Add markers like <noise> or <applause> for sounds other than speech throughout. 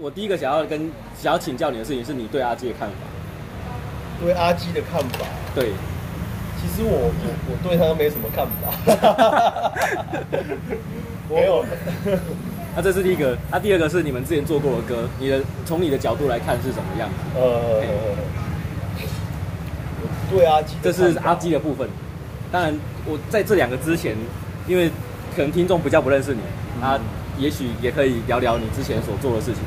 我第一個想要跟想要請教你的事情是你對阿雞的看法，對阿雞的看法，對，其實我我，我對他沒什麼看法， <laughs> <laughs> 沒有了。那、啊、這是第一個，那、啊、第二個是你們之前做過的歌，你的從你的角度來看是怎麼樣的？呃，Hey 對阿雞的，這是阿雞的部分。當然，我在這兩個之前，因為可能聽眾比較不認識你，嗯、啊，也許也可以聊聊你之前所做的事情。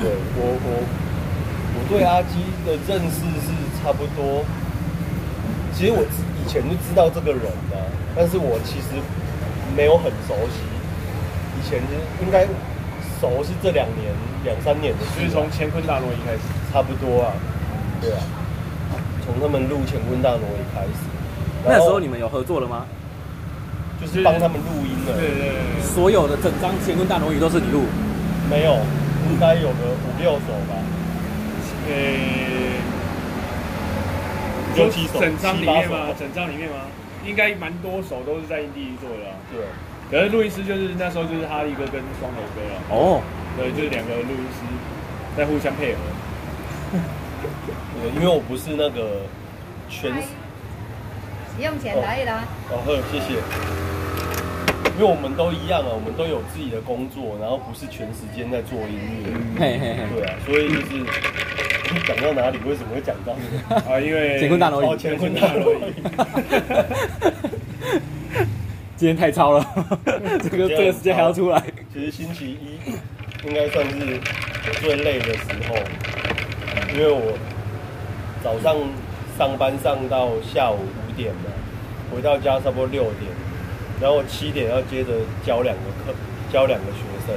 對，我我我對阿雞的認識是差不多，其實我以前就知道這個人的、啊，但是我其實沒有很熟悉。以前就應該熟是這兩年兩三年的時、啊，的，就是從《乾坤大挪移》開始，差不多啊，對啊，從他們錄《乾坤大挪移》開始。那時候你們有合作了嗎？就是幫他們錄音的，對，對對對，所有的整張《乾坤大挪移》都是你錄，沒有。應該有個五六首吧，呃、欸，有幾首、七八首，整、哦、張裡面嗎？應該蠻多首都是在印一做的啦。對，可是錄音師就是那時候就是哈利哥跟雙頭哥了。哦，對，就是兩個錄音師在互相配合 <laughs> 對。因為我不是那個全，用錢可以啦。哦好、哦，謝謝。因為我們都一樣啊，我們都有自己的工作，然後不是全時間在做音樂。嘿嘿嘿對啊，所以就是，講、嗯、到哪裡？為什麼會講到 <laughs> 啊？因為乾坤大挪移，乾坤、喔、大挪移。今天太超了，這個這個時間還要出來、啊。其實星期一應該算是我最累的時候，因為我早上上班上到下午五點嘛，回到家差不多六點。然後我七點要接着教兩個課，教兩個學生，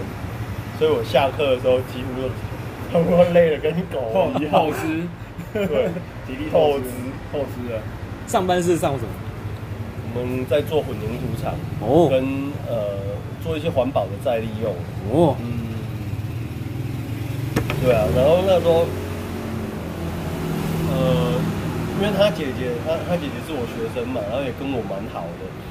所以我下課的時候幾乎就，差不多累得跟狗一樣。 <laughs> 透支枝，對，體力透支，透支啊。上班是上什麼？我們在做混凝土廠哦，oh. 跟呃做一些環保的再利用哦、oh. 嗯。對啊，然後那時候，呃，因為他姐姐，他他姐姐是我學生嘛，然後也跟我蠻好的。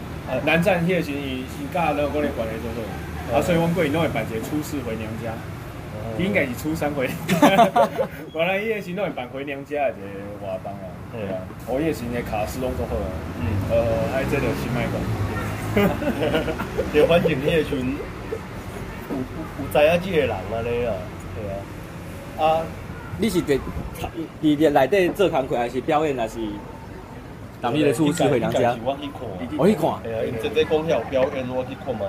南站迄個群伊伊家都可能管來做做，啊，所以阮過年攏會辦一個初四回娘家，應該是初三回娘家。原來伊個是攏會辦回娘家的一個活動啊，對啊。我也是弄個的卡斯攏做好啊，嗯，呃、啊，還做着是賣管。哈哈哈！哈哈哈！反正你個群有有有知影即個人啊，你啊，系啊。啊，你是佇佇佇內底做工課還是表演，還是？當伊的主持會人家，那個那個，是我去看，係啊，因真在講有表演，我去看嘛。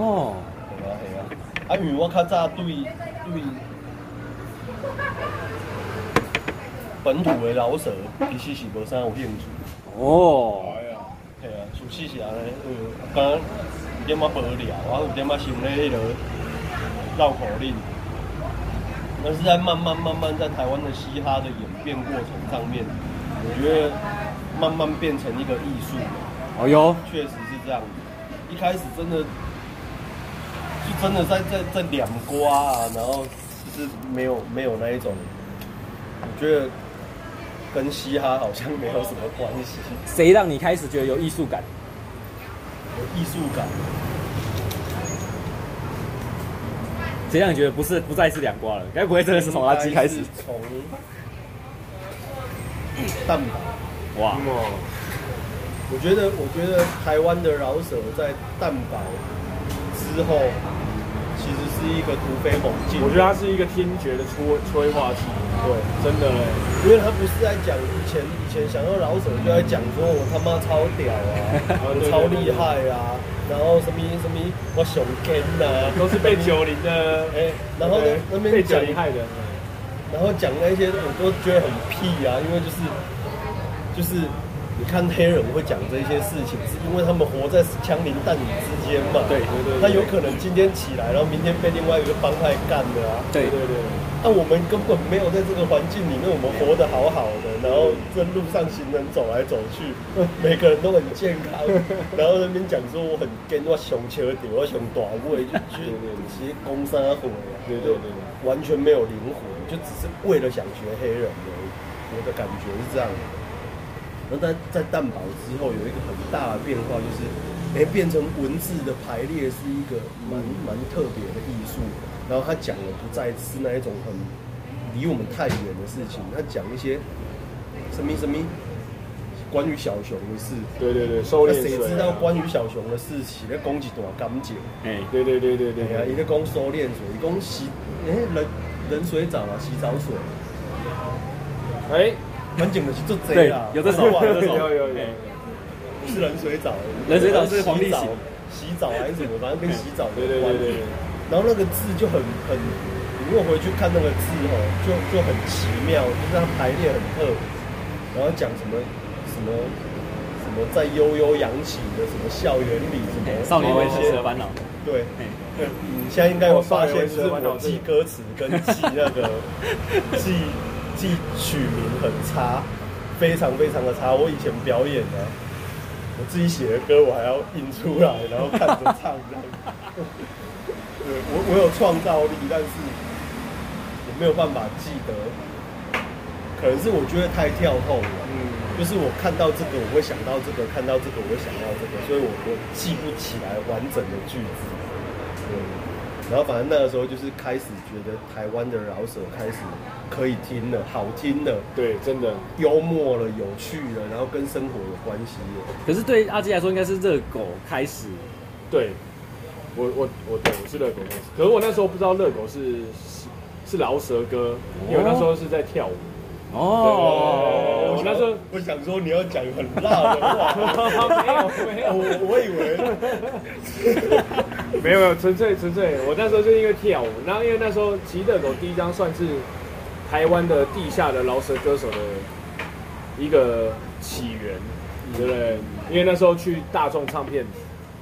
哦，係啊係啊，對啊，因為我較早對對、哦、本土的饒舌其實是無啥有興趣。哦，哎呀，對啊，屬實是安尼，呃、嗯，可能有點仔無聊，我有點仔想咧迄個繞口令。但是在慢慢，慢慢在台灣的嘻哈的演變過程上面，我覺得。慢慢變成一個藝術了，哦呦，確實是這樣子，一開始真的，是真的在在在兩瓜啊，然後是沒有沒有那一種，我覺得跟嘻哈好像沒有什麼關係。誰讓你開始覺得有藝術感？有藝術感。誰讓你覺得不是不再是兩瓜了？該不會真的是從垃圾開始？從、嗯、蛋堡哇！我覺得，我覺得台灣的饒舌在蛋堡之後，其實是一個突飛猛進。我覺得他是一個聽覺的催催化劑，對，真的嘞。因為他不是在講以前，以前想要饒舌，就在講說我他媽超屌啊，超厲害啊，然後什麼什麼我熊幹吶，都是被九零的哎，然後那邊講厲害的，然後講那些我都覺得很屁啊，因為就是。就是你看黑人會講這些事情，是因為他們活在槍林彈雨之間嘛。對對，對對對。他有可能今天起來，然後明天被另外一個幫派幹的啊。對對對。那我們根本沒有在這個環境裡面，我們活得好好的，對對對，然後在路上行人走來走去，對對對，每個人都很健康。然後那邊講說我很跟我熊車底我熊短威就去其實公殺火。對對對。對對對，完全沒有靈魂，就只是為了想學黑人的，我的感覺是這樣。然後在在蛋堡之後有一個很大的變化，就是，哎，變成文字的排列是一個蠻、嗯、蠻特別的藝術。然後他講的不再是那一種很離我們太遠的事情，他講一些什麼什麼關於小熊的事。對對對，收斂水。那、啊、誰知道關於小熊的事情？那攻擊多乾淨？哎，對對對對對，對。哎、啊，一個攻收斂水，一個洗，哎，冷冷水澡啊，洗澡水。哎。是很緊的、啊，就做賊了，有這首？啊、有，這有有有，不是冷水澡，冷有水澡是黃澡，洗澡還是什麼？反正跟洗澡。對對對對。然後那個字就很很，你如果回去看那個字哦、喔，就就很奇妙，就是它排列很特別。然後講什麼什麼什麼在悠悠揚起的什麼校園裡什麼少年維特的煩惱？對，對嗯、現在應該會發現我是，是我記歌詞跟記那個 <laughs> 記。記曲名很差，非常非常的差。我以前表演的，我自己寫的歌，我還要印出來，然後看着唱。 <laughs> 對，我我有創造力，但是我沒有辦法記得。可能是我覺得太跳後了，嗯、就是我看到這個我會想到這個，看到這個我會想到這個，所以我我記不起來完整的句子。對。然後反正那個時候就是開始覺得台灣的饒舌開始可以聽了，好聽了，對，真的幽默了，有趣了，然後跟生活有關係。可是對阿雞來說，應該是熱狗開始對。對，我我我對，我是熱狗開始。可是我那時候不知道熱狗是是饒舌歌，因為那時候是在跳舞。哦，我那時候我想說你要講很辣的話， <laughs> 沒有沒有我，我以為。 <laughs> 沒有沒有，純粹純粹，我那時候就因為跳舞，然後因為那時候《MC HotDog》第一張算是台灣的地下的饒舌歌手的一個起源，你覺得因為那時候去大眾唱片，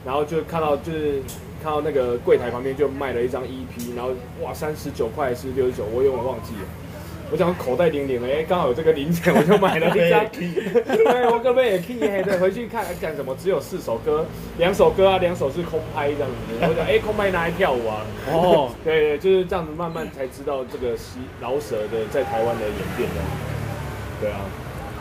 然後就看到就是看到那個櫃台旁邊就賣了一張 EP，然後哇，三十九塊還是六十九，我有點忘記了。我講口袋零零，哎、欸，剛好有這個零錢，我就買了一張。 <laughs> 對， <laughs> <laughs> 對我哥們也聽黑的，回去看講什麼，只有四首歌，兩首歌啊，兩首是空拍這樣子。我講哎、欸，空拍拿來跳舞啊。哦， <laughs> 對，對對，就是這樣子，慢慢才知道這個饒舌的在台灣的演變的。對啊。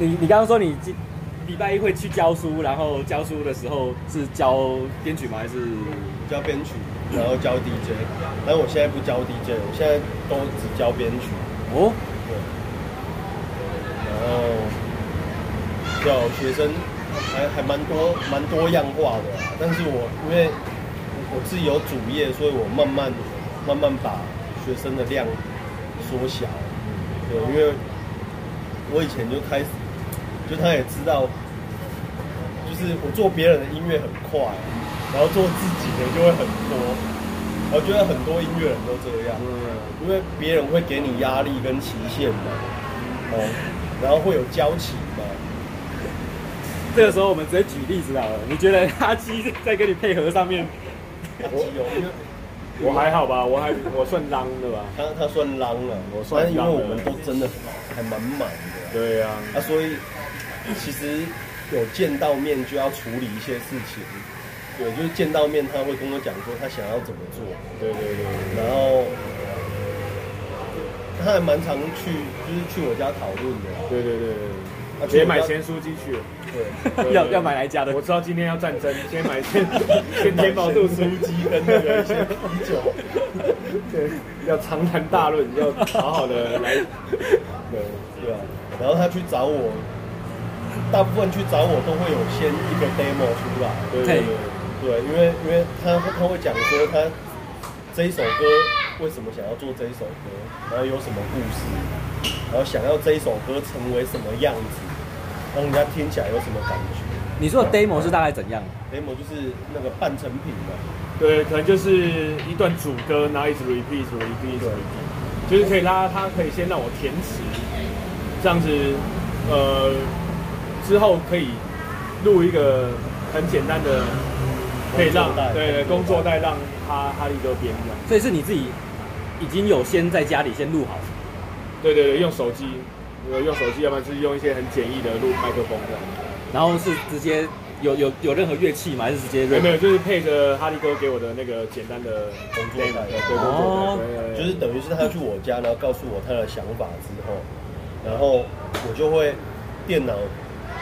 你你剛剛說你今禮拜一會去教書，然後教書的時候是教編曲嗎？還是教編曲，然後教 DJ。嗯。但我現在不教 DJ，我現在都只教編曲。哦。對。然後教學生還還蠻多，蠻多樣化的啊。但是我因為我自己有主業，所以我慢慢慢慢把學生的量縮小。對。哦。對，因為我以前就開始。就他也知道，就是我做別人的音樂很快，然後做自己的就會很多。我覺得很多音樂人都這樣，嗯、因為別人會給你壓力跟期限嘛，喔、然後會有交期嘛。這個時候我們直接舉例子好了。你覺得阿雞在跟你配合上面，我我還好吧，我還我算浪的吧？他他算浪的。我算因為我們都真的很還蠻滿的，啊。對啊，啊所以。其實有見到面就要處理一些事情，對，就是見到面他會跟我講說他想要怎麼做，對對對，然後他還蠻常去，就是去我家討論的，對對對對，直接買鹹酥雞去，對，要要買來家的，我知道今天要戰爭，先買先先添包鹹酥雞跟那個一些啤酒，對，要長談大論，要好好的來，對對啊，然後他去找我。大部分去找我都會有先一個 demo 出來，對對對，對，Hey. 對，因為因為他他會講說他這一首歌為什麼想要做這一首歌，然後有什麼故事，然後想要這一首歌成為什麼樣子，讓人家聽起來有什麼感覺。你說的 demo、嗯、是大概怎樣？demo 就是那個半成品的，對，可能就是一段主歌，然後一直 repeat repeat repeat，就是可以拉他可以先讓我填詞，這樣子，呃。之後可以錄一個很簡單的配唱帶，對，工作帶讓哈哈利哥編的。所以是你自己已經有先在家裡先錄好？對對對，用手機，用手機，要不然就是用一些很簡易的錄麥克風的。然後是直接有有有任何樂器嗎？還是直接？沒有，沒有，就是配着哈利哥給我的那個簡單的工作帶。哦，對對，就是等於是他去我家呢，然後告訴我他的想法之後，嗯、然後我就會電腦。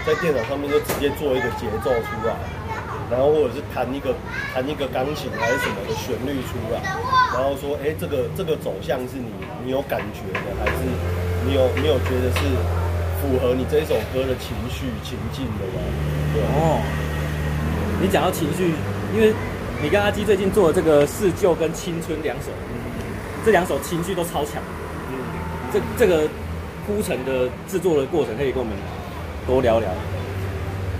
在電腦上面就直接做一個節奏出來，然後或者是彈一個彈一個鋼琴還是什麼的旋律出來，然後說，哎、欸，這個這個走向是你你有感覺的，還是你有你有覺得是符合你這一首歌的情緒情境的嗎？對哦，你講到情緒，因為你跟阿雞最近做的這個《似舊》跟《青春》兩首，這兩首情緒都超強。嗯。這嗯這，這個鋪陳的制作的過程，可以跟我們。多聊聊。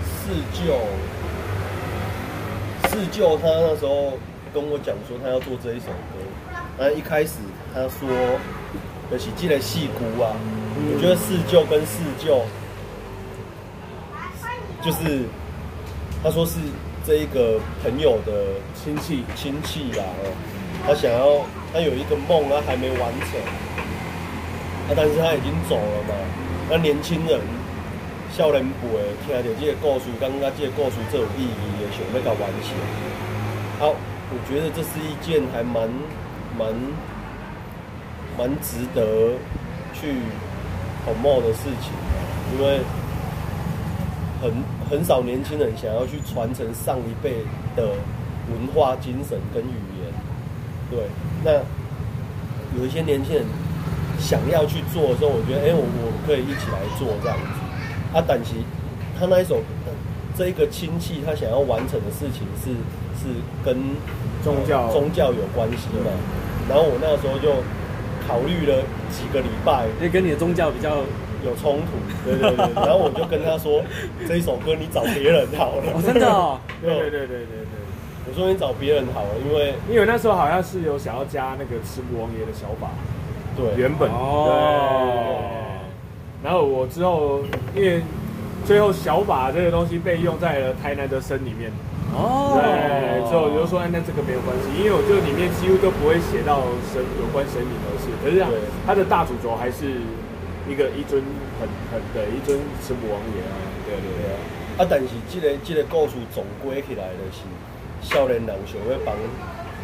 四舅，四舅他那時候跟我講說，他要做這一首歌。哎，一開始他說，而且記得細姑啊，嗯、我覺得四舅跟四舅，嗯、就是他說是這一個朋友的親戚親戚啦，哦、啊，他想要他有一個夢，他還沒完成，啊，但是他已經走了嘛，那年輕人。教人背，聽到這個故事，感覺這個故事最有意義的，也想要去玩起來。好、oh,，我覺得這是一件還蠻蠻蠻值得去 promote 的事情的，因為很很少年輕人想要去傳承上一輩的文化精神跟語言。對，那有一些年輕人想要去做的時候，我覺得，哎、欸，我我可以一起來做這樣子。他當時，他那一首，這個親戚他想要完成的事情是是跟宗教宗教有關係的。然後我那時候就考慮了幾個禮拜，因為跟你的宗教比較有衝突，對對對。然後我就跟他說，這一首歌你找別人好了。真的，對對對對對對。我說你找別人好了，因為因為那時候好像是有想要加那個池府王爺的小法，對，原本哦。然後我之後，因為最後小把這個東西被用在了台南的神裡面，嗯、對哦，對，之後我就說，啊、那這個沒有關係，因為我這裡面幾乎都不會寫到神有關神明的事。可是它，啊、它對的大主軸還是一個一尊很很的一尊神母王爺啊，對對對啊。但是這個這個故事總歸起來的，就是，少年郎想要幫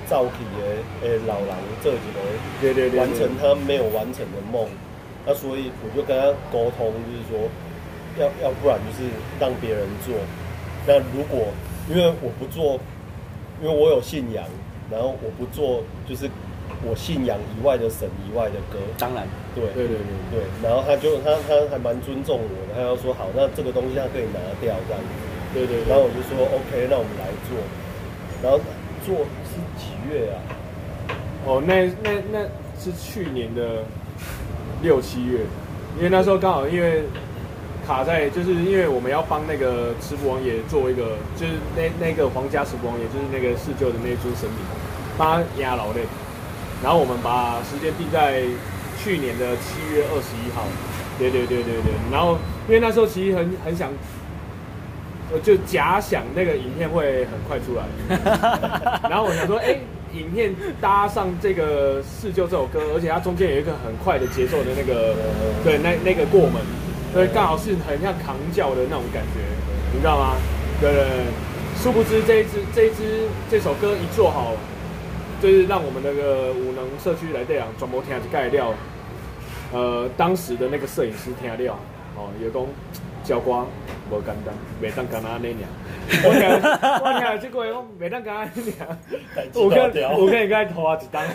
趙去的的老狼這幾個，對對對對，完成他沒有完成的夢。那所以我就跟他溝通，就是說要，要要不然就是讓別人做。那如果因為我不做，因為我有信仰，然後我不做就是我信仰以外的神以外的歌。當然。對。對對對對。然後他就他他還蠻尊重我的，他要說好，那這個東西他可以拿掉這樣。對，對對。然後我就說 OK，那我們來做。然後做是幾月啊？哦，那那那是去年的。六七月，因為那時候剛好因為卡在，就是因為我們要幫那個慈父王爺做一個，就是那那個皇家慈父王爺，就是那個似舊的那尊神明，幫他壓勞累，然後我們把時間定在去年的七月二十一號。對對對對對，然後因為那時候其實很很想，我就假想那個影片會很快出來，對對對，然後我想說，哎、欸。影片搭上這個《似舊》這首歌，而且它中間有一個很快的節奏的那個，對，那那個過門，所以剛好是很像扛轎的那種感覺，你知道嗎？呃對對對，殊不知這一支這一支這首歌一做好，就是讓我們那個武能社區來這樣轉播聽下子蓋料，呃，當時的那個攝影師聽下料，哦，也講。教官無簡單，袂當講安尼娘，我聽我聽這這，這個我袂當講安尼爾。我跟， <laughs> 我跟人家拖一單。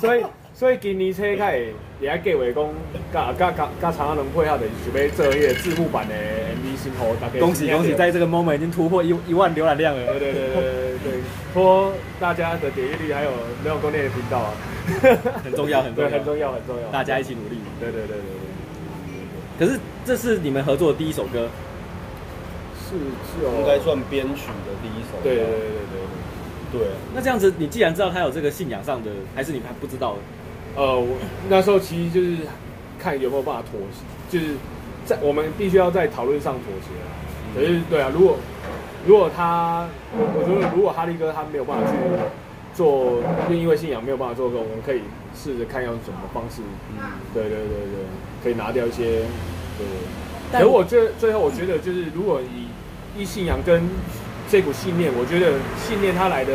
所以，所以今年初開始也要給我，也計劃講，加加加加長阿配合，就是要做一個版的 MV 新歌。恭喜恭喜，恭喜在這個 moment 已經突破一一萬瀏覽量了。對，對對對對對，托大家的點閱率，還有沒有國內的頻道啊 <laughs> 很？很重要很重要很重要很重要，重要大家一起努力。對，對對對對對。可是這是你們合作的第一首歌，是是應該算編曲的第一首歌。對對對對對對。對，那這樣子，你既然知道他有這個信仰上的，還是你們還不知道的？呃，我那時候其實就是看有沒有辦法妥協，就是在我們必須要在討論上妥協。可、就是對啊，如果如果他，我覺得如果哈利哥他沒有辦法去做，因為信仰沒有辦法做歌，我們可以試着看用什麼方式。嗯，對對對對，可以拿掉一些。如果最最後，我覺得就是，如果依信仰跟這股信念，我覺得信念它來的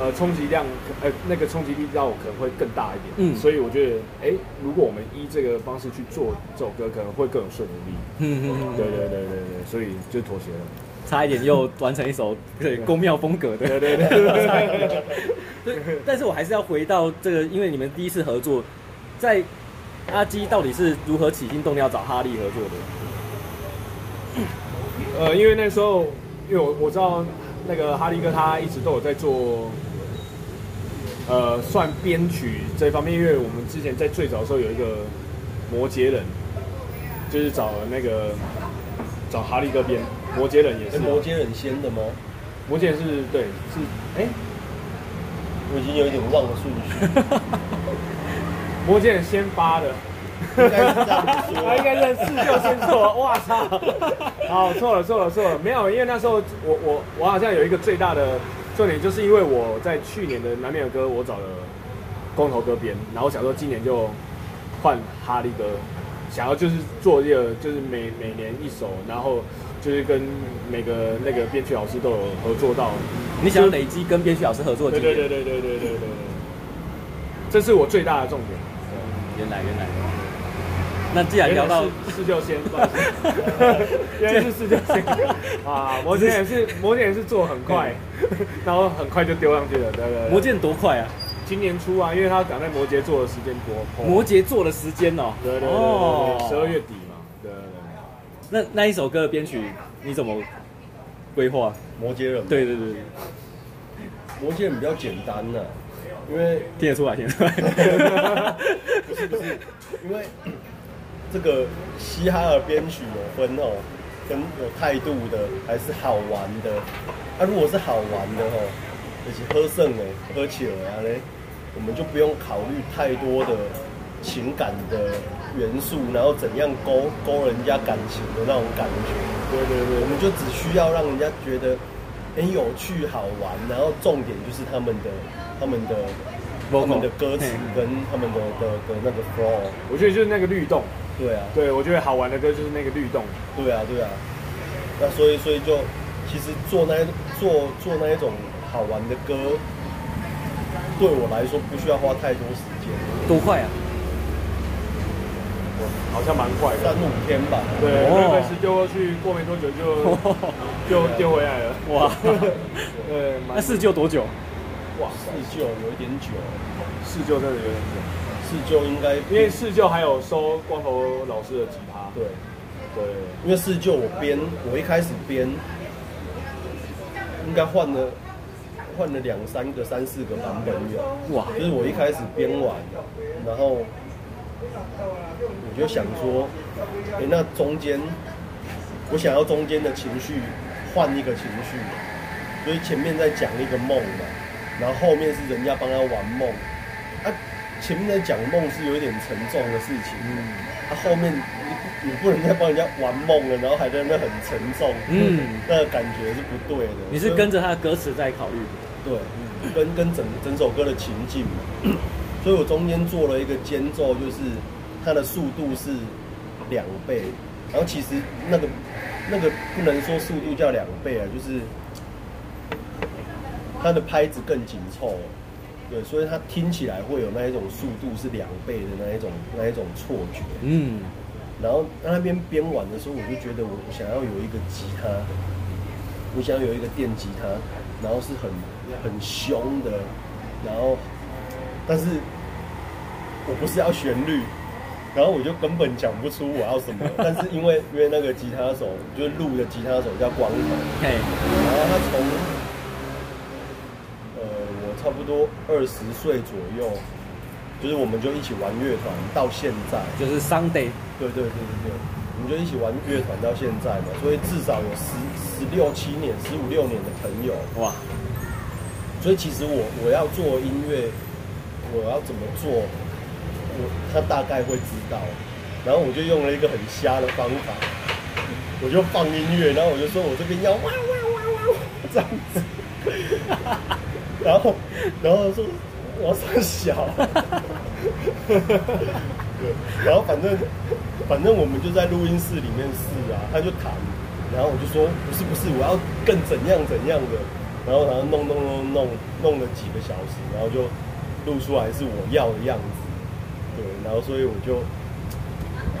呃衝擊量，呃那個衝擊力道可能會更大一點，所以我覺得，哎，如果我們依這個方式去做這首歌，可能會更有說服力。嗯嗯嗯，對對對對對，所以就妥協了，差一點又完成一首對宮廟風格的。對對對。對，但是我還是要回到這個，因為你們第一次合作，在。阿雞到底是如何起心動念要找哈利合作的？呃，因為那時候，因為我我知道那個哈利哥他一直都有在做，呃，算編曲這方面，因為我們之前在最早的時候有一個摩羯人，就是找那個找哈利哥編，摩羯人也是、啊欸，摩羯人先的嗎？摩羯人是對，是，哎、欸，我已經有一點忘了順序。 <laughs> 摩羯人先發的，我應該認識就先做，哇操！好，錯了錯了錯了，沒有，因為那時候我我我好像有一個最大的重點，就是因為我在去年的南面的歌，我找了光頭哥編，然後想說今年就換哈利哥，想要就是做這個，就是每每年一首，然後就是跟每個那個編曲老師都有合作到。你想累積跟編曲老師合作？對對對對對對對對。這是我最大的重點。原來，原來。那既然聊到似舊先，原來是似舊先啊！摩羯也是，摩羯也是做很快，嗯、然後很快就丟上去了。對對，對，摩羯多快啊！今年初啊，因為他趕在摩羯做的時間多。摩羯做的時間哦，對，對對對，十二、哦、月底嘛，對對對。那那一首歌的編曲你怎麼規劃？摩羯人，對對對對，摩羯人比較簡單的、啊。因為聽得出來，聽得出來。不是 <laughs> 不是，不是因為這個嘻哈爾編曲有分哦，跟有態度的，還是好玩的。那、啊、如果是好玩的哦，而、就、且、是、喝勝哎，喝起來啊，嘞，我們就不用考慮太多的情感的元素，然後怎樣勾勾人家感情的那種感覺。對對對，我們就只需要讓人家覺得很有趣、好玩，然後重點就是他們的。他們的他們的歌詞跟他們的的的那個 flow，我覺得就是那個律動。對啊，對我覺得好玩的歌就是那個律動。對啊，對啊。那所以所以就其實做那做做那一種好玩的歌，對我來說不需要花太多時間。多快啊？好像蠻快的，三五天吧。對，那每次丟過去，過沒多久就就丟回來了。哇，對，那似舊多久？哇，似舊有一點久，似舊真的有點久。似舊應該，因為似舊還有收光頭老師的吉他。對，對以。因為似舊我編，我一開始編，應該換了換了兩三個、三四個版本有。哇！就是我一開始編完，然後我就想說，哎、欸，那中間我想要中間的情緒換一個情緒，所以前面在講一個夢嘛。然後後面是人家幫他玩夢，啊，前面在講夢是有一點沉重的事情，嗯，他、啊、後面你也不能再幫人家玩夢了，然後還在那邊很沉重，嗯，那個感覺是不對的。你是跟着他的歌詞在考慮的，對，嗯、跟跟整整首歌的情境嘛，所以我中間做了一個間奏，就是它的速度是兩倍，然後其實那個那個不能說速度叫兩倍啊，就是。他的拍子更緊湊，對，所以他聽起來會有那一種速度是兩倍的那一種那一種錯覺。嗯，然後那他那邊編完的時候，我就覺得我想要有一個吉他，我想要有一個電吉他，然後是很很兇的，然後，但是我不是要旋律，然後我就根本講不出我要什麼。 <laughs> 但是因為因為那個吉他手，就是錄的吉他手叫光頭，Okay. 然後他從。差不多二十歲左右，就是我們就一起玩樂團到現在，就是 Sunday。對對對對對，我們就一起玩樂團到現在嘛，所以至少有十十六七年、十五六年的朋友。哇！所以其實我我要做音樂，我要怎麼做，我他大概會知道。然後我就用了一個很瞎的方法，我就放音樂，然後我就說我這邊要哇哇哇哇哇這樣子。 <laughs> 然後，然後說我要上小， <laughs> 對，然後反正，反正我們就在錄音室裡面試啊，他就彈，然後我就說不是不是，我要更怎樣怎樣的，然後然後弄弄弄弄弄了幾個小時，然後就錄出來是我要的樣子，對，然後所以我就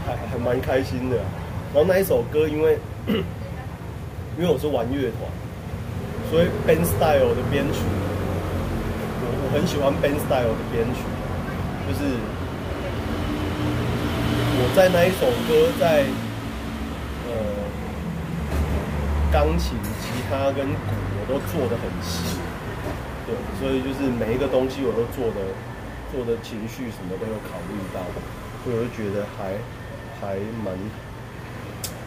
還還蠻開心的啊，然後那一首歌因為 <coughs> 因為我是玩樂團，所以 band style 的編曲。很喜歡 Band Style 的編曲，就是我在那一首歌在呃、鋼琴、吉他跟鼓我都做的很細，對，所以就是每一個東西我都做的做的情緒什麼都有考慮到，所以我就覺得還還蠻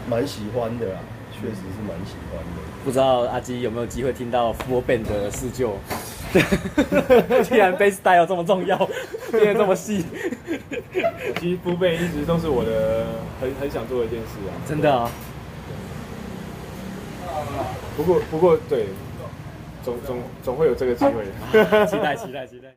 蠻喜歡的啦，確實是蠻喜歡的。嗯、不知道阿雞有沒有機會聽到 Four Band 的似舊？對，既 <laughs> 然 Base Style 這麼重要，變得這麼細。 <laughs> 其實不背一直都是我的很很想做的一件事啊。真的啊、哦。不過不過對，總總總、總會有這個機會的 <laughs> 期、期待期待期待。